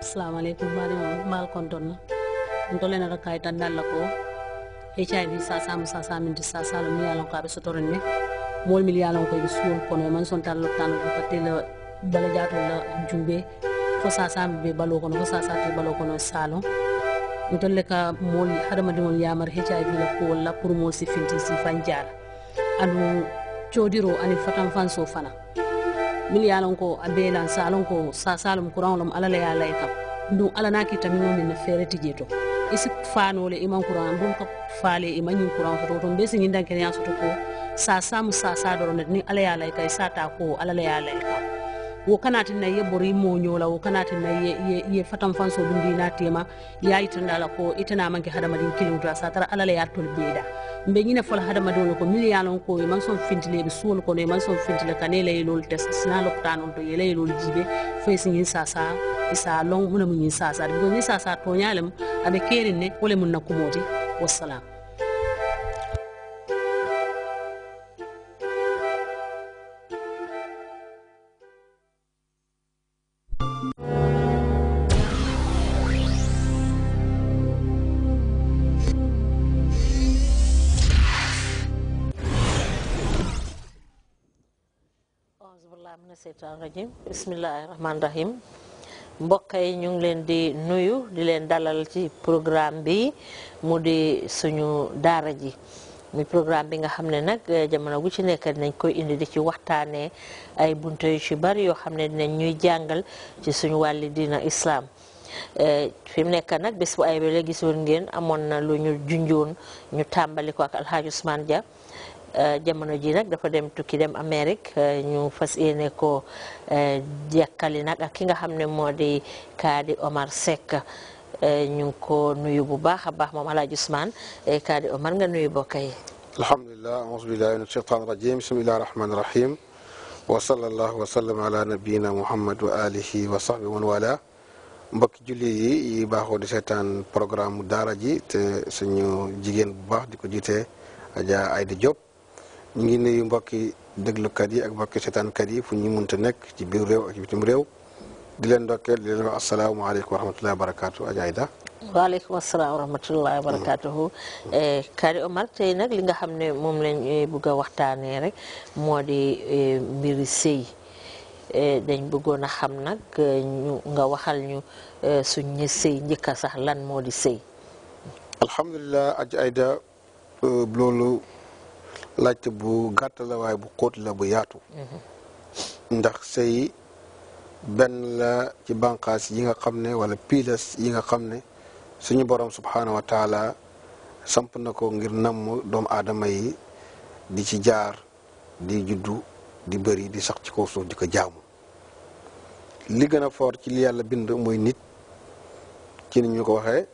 assalamualaikum mari mal konton ndole na kay tan dalla ko hiv sa samu sa samu ndi sa salu mi yalon ka be sotoron ne mol mi yalon ko be suul kono man son tan lotan ko tele bala la jumbe fo sa be balo kono fo sa sa te kono salo ndole ka mol hadama dimol yamar hiv la ko wala pour si finti si fanjar anu codiro ani fatan fanso miliyalan ye a lon ko a bee lan sa a lon ko sasalum kuraŋo lom alla le ye a layi kam ndun alla naŋ kita miŋo miŋ na feere ti je to i si faanoo le i maŋ kuraŋ ka faale i maŋ ñiŋ kuraŋo soto to mbe si ñiŋ dankeneya soto ko sa sasa doroŋ sa niŋ alla ye a layi ka i sa ta ko alala ya ye kam wo kana tinna ye bori mo nyola wo kana tinna ye, ye, ye fatan fanso dundi i naa tema yayi a yitanda ko itana naa maŋ ke hadamadiŋ kiliŋo to sa tara alala ya ye a beeda mbe ñine fola hadamadolo ko millialon ko e man son fintileɓe suwol kono e man son fintile kane laylol tes sina lopitanol to ye laylol e jiiɓe foye si ñin sasa isa e long huna mu ñin sasa ɗe ko ñin sasa toñalem aɓe kerin ne wole mum nakkumoti wassalam seytaan rajim bismillahi rahmaani rahim mbokk yi ñu ngi leen di nuyu di leen dalal ci programme bi mu di suñu daara ji muy programme bi nga xam ne nag eh, jamono gu ci nekk dinañ koy indi di ci waxtaanee ay bunte yu ci bari yoo xam ne dinañ ñuy jàngal ci suñu wàlli diina islaam eh, fi mu nekk nag bés bu ay ba léegi gisoon ngeen amoon na lu ñu junjoon ñu tàmbali ko ak Alhaji Ousmane Dia Euh, jamono ji nag dafa dem tukki dem Amérique euh, ñu fas yéene ko euh, jekkali nag ak ki nga xam ne moo di kaadi Omar Seck ñu ngi ko nuyu bu baax a baax moom Alaaji Ousmane kaadi Omar nga nuyu bokk yi. alhamdulilah auzu billahi min shaytaan rajim bismillahi rahmani rahim wa sallallahu wa sallam ala nabiyina muhammad wa alihi wa sahbi man wala mbokki julli yi yi baaxoo di seetaan programme daara ji te suñu jigéen bu baax di ko jiite Adja Aïda Diop ñu ngi nuyu mbokki déglukat yi ak mbokki seetaankat yi fu ñu munta nekk ci biir réew ak bitim réew di leen ndokkeel di leen wax asalaamaaleykum wa rahmatullahi wa barakaatu Ayda waaleykum asalaam wa rahmatullahi wa barakaatuhu eh, Omar tey nag li nga xam ne moom lañ eh, bëgg a waxtaanee rek moo di eh, mbiri sëy dañ bëggoon a xam nag ñu nga waxal ñu suñ ñi sëy njëkka sax lan moo di sëy alhamdulilah Aja Ayda euh, loolu laajte bu gàtt la waaye bu xóot la bu yaatu mm-hmm. ndax sëy benn la ci bànqaas yi nga xam ne wala pilas yi nga xam ne suñu borom subhaanahu wa taala samp na ko ngir namm doomu aadama yi di ci jaar di juddu di bari di sax ci kaw suuf di ko jaamu li gën a foor ci li yàlla bind muy nit ci ni ñu ko waxee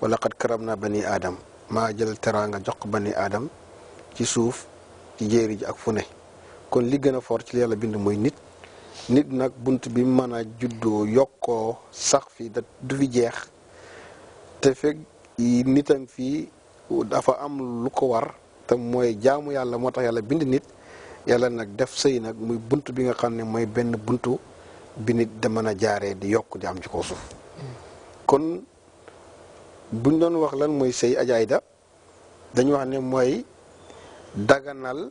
wala xat karam na bani aadam maa jël teraanga jox bani aadam ci suuf ci jéeri ji ak fu kon li gën a fort ci yàlla bind mooy nit nit nag bunt bi mën a juddoo yokkoo sax fii da du fi jeex te fekk nitam fii dafa am lu ko war te mooy jaamu yàlla moo tax yàlla bind nit yàlla nag def sëy nag muy bunt bi nga xam ne mooy benn buntu bi nit da mën a jaaree di yokk di am ci kaw suuf kon buñ doon wax lan mooy sëy ajaayda dañu wax ne mooy daganal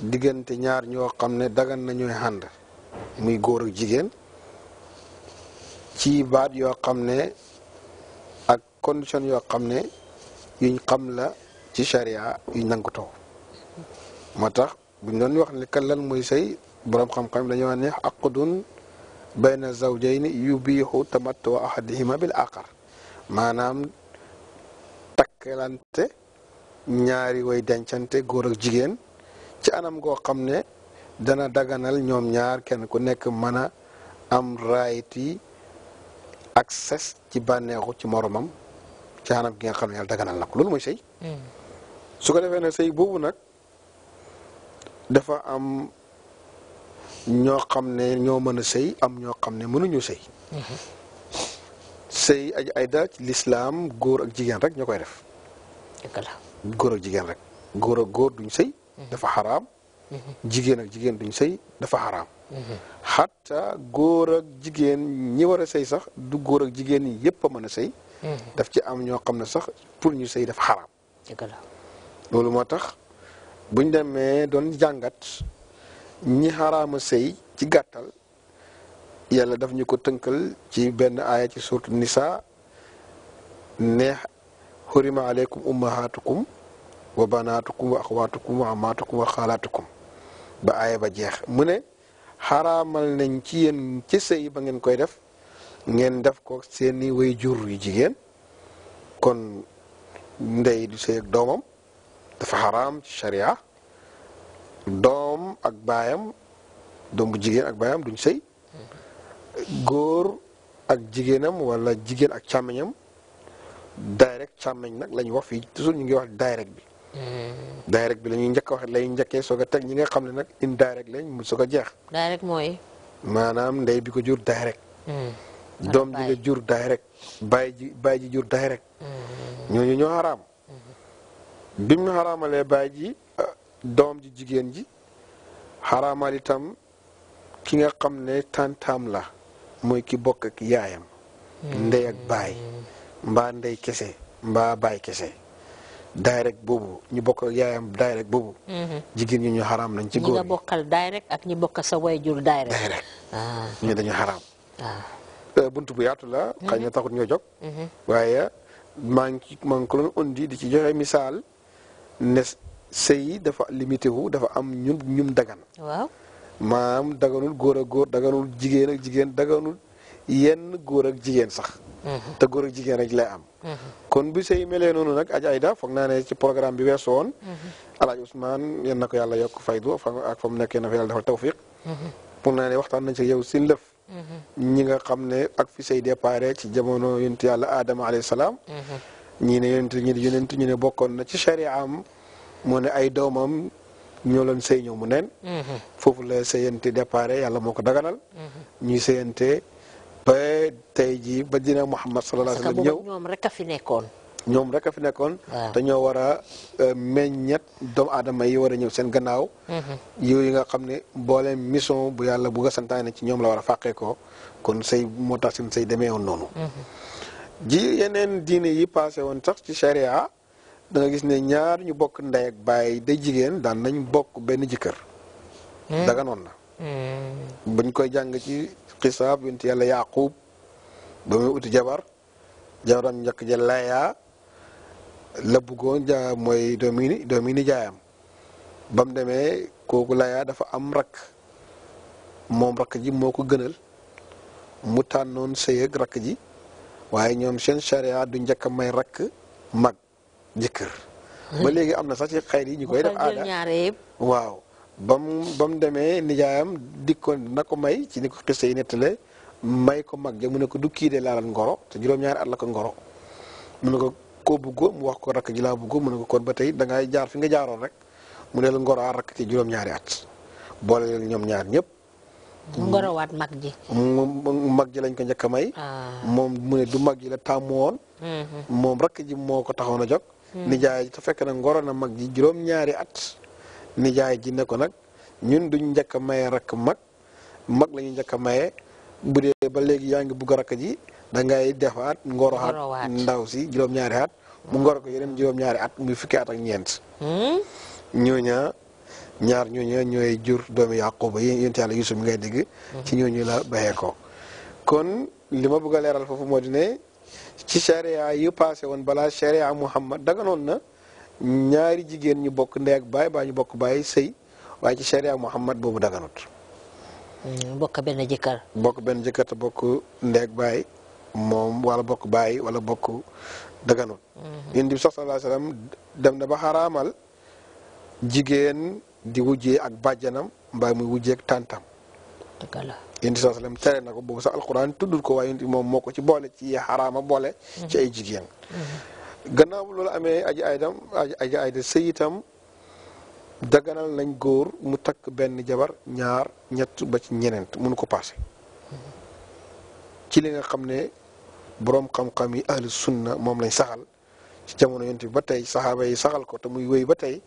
diggante ñaar yoo xam ne dagan na ñooy ànd muy góor ak jigéen ci baat yoo xam ne ak condition yoo xam ne yuñ xam la ci charia yuñ nangutoo moo tax buñ doon wax ne kan lan mooy sëy boroom xam-xam dañoo ne aqdun bayna zawjayni yubiixu tamattu ahadihima bil aqar maanaam takkalante ñaari way dencante góor ak jigéen ci anam goo xam ne dana daganal ñoom ñaar kenn ku nekk mën a am raayiti accès ci bànneexu ci moromam ci anam gi nga xam ne yàlla daganal na ko loolu mooy sëy hmm. su ko defee nag sëy boobu nag dafa am ñoo xam ne ñoo mën a sëy am ñoo xam ne mënuñu sëy hmm. sëy aj ay lislaam góor ak jigéen rek ñoo koy def góor ak jigéen rek góor ak góor duñ sëy mhm. dafa xaraam mhm. jigéen ak jigéen duñ sëy dafa xaraam xatta mhm. góor ak jigéen ñi war a sëy sax du góor ak jigéen ñi yëpp a mën a sëy daf ci am ñoo xam ne sax pour ñu sëy dafa xaraam loolu moo tax buñ demee doon jàngat ñi xaraama sëy ci gàttal yàlla daf ñu ko tënkal ci benn aaya ci suurtu nisa neex xurima aleykum ummahatukum wa banatukum wa axwatukum wa amatukum wa xalaatukum ba aaya ba jeex mu ne xaraamal nañ ci yéen ci ba ngeen koy def ngeen def ko seeni way jur yu jigéen kon ndey du sëy doom doomam dafa xaraam ci sharia doom ak baayam doom bu jigéen ak bayam duñ sëy góor ak jigéenam wala jigéen ak càmmiñam direct càmmeñ nag la ñu wax fii toujours ñu ngi wax direct bi. Hmm. direct bi la ñuy njëkk a wax la ñuy njëkkee soog teg ñi nga xam ne nag indirect lañ mu soog a jeex. direct maanaam ndey bi ko jur direct. Hmm. doom ji nga jur direct. baay ji baay ji jur direct. Hmm. ñooñu ñoo xaraam. bi mu xaraamalee baay ji ah, doom ji jigéen ji xaraamal ki nga xam ne tantaam la mooy ki bokk ak yaayam. ndey ak baay. mbaa ndey kese mbaa baay kese direct boobu ñu bokk ak yaayam direct boobu. Mhm. jigéen ñu xaraam nañ ci góor ñi nga bokkal direct ak ñi bokk sa wayjur direct. Ah. ñu dañu xaraam. Ah. Euh, bunt bu yaatu la. Mhm. xëy taxut ñoo jóg. Mhm. waaye maa ko doon undi di ci joxe misaal ne sëy dafa limité wu dafa am ñun ñum dagan. waaw maam daganul góor ak góor daganul jigéen ak jigéen daganul yenn góor ak jigéen sax. te góor ak jigéen rek lay am. kon bu sëy melee noonu nag aj ayda foog naa ne ci programme bi weesu woon. Alaaji Ousmane yéen na ko yàlla yokk faydu ak fa mu nekkee na fa yàlla defal tawfiq. pour naa ne waxtaan nañ ci yow si lëf. ñi nga xam ne ak fi sëy déparé ci jamono yonent yàlla Adama ne ñi ne bokkoon na ci sharia moo ne ay doomam. ñoo leen sëy ñëw mu neen foofu la sëyante déparé moo ko daganal ñuy sëyante ba tey jii ba dina Muhammad sallallahu alayhi wa sallam ñëw ñoom rek a fi nekkoon. ñoom rek a fi nekkoon. te ñoo war a euh, meññat doomu aadama yi war a ñëw seen gannaaw. Mm-hmm. yi nga xam ne boole mission bu yàlla bu nga santaane ci ñoom la war a fàqee ko kon say moo tax seen say demee woon noonu. Mm-hmm. ji yeneen diine yi passé woon sax ci charia da gis ne ñaar ñu bokk nday ak baay day jigéen daan nañ bokk benn jëkkër. Mm. daganoon na. Mm. buñ koy jàng ci. xisaab bint yàlla yaqub ba muy uti jabar jabaram njëkk ja layaa la bëggoon ja mooy domini domini jaayam ba mu demee kooku layaa dafa am rakk moom rakk ji moo ko gënal mu tànnoon sëy rakk ji waaye ñoom seen charia du njëkk a may rakk mag jëkkër hmm. ba léegi am na sax ci xayri yi ñu koy def aada waaw ba ba mu demee nijaayam dikkoon na ko may ci ni ko xiste yi nettale may ko mag ja mu ne ko du kii de laalal ngoro te juróom-ñaari at la ko ngoro mu ne ko koo bëggoo mu wax ko rakk ji laa mu ko ba tey da jaar fi nga jaaroon rek mu ne la ngoro a rakk ci at boole leen ñoom ñaar ñëpp. ngorowaat mag ji. mag ji lañ ko njëkk a may. Ah. moom mu ne du mag ji la tàmm woon. Mm-hmm. moom rakk ji moo ko taxoon a jóg. Mm-hmm. nijaay te fekk na ngoro na mag ji juróom-ñaari at. nijaay ji ne ko nag ñun duñ njëkk a maye rakk mag mag la ñu njëkk a maye bu dee ba léegi yaa ngi bugg a ji da ngay defaat ngoroxaat ndaw si juróom-ñaari at mu ngoro ko yeneen juróom-ñaari at muy fukki at ak ñeent hmm? ñooña ñaar ñooñu ñooy jur doomi Yaquba yi yonent Yàlla Yusuf mi ngay dégg hmm. ci ñooñu la bayee ko kon li ma bëgg a leeral foofu moo di ne ci charia yu passé woon balaa charia Muhammad daganoon na ñaari jigéen ñu bokk ndey ak baay baa ñu bokk baay sëy waaye ci sharia Muhammad boobu daganut. Hmm, bokk benn jëkkër. bokk benn jëkkër te bokk ndey ak baay moom wala bokk baay wala bokk daganut. Hmm. yéen di sallallahu alayhi wa sallam dem na ba xaraamal jigéen di wujjee ak bàjjanam mbaa muy wujjee ak tàntam. dëgg la yéen di sallallahu alayhi wa sallam tere na ko boobu sax alquran tuddul ko waaye moom moo ko ci boole ci xaraama boole. ci hmm. ay jigéen. gannaaw loolu amee aji aydam aji ayda sey itam daganal nañ góor mu takk benn jabar ñaar ñett ba ci ñeneent mun ko paase ci li nga xam ne boroom xam-xam yi ahlu sunna moom lañ saxal ci jamono yonent ba tey saxaaba yi saxal ko te muy wéy ba tey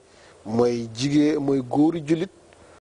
mooy jigéen mooy góori jullit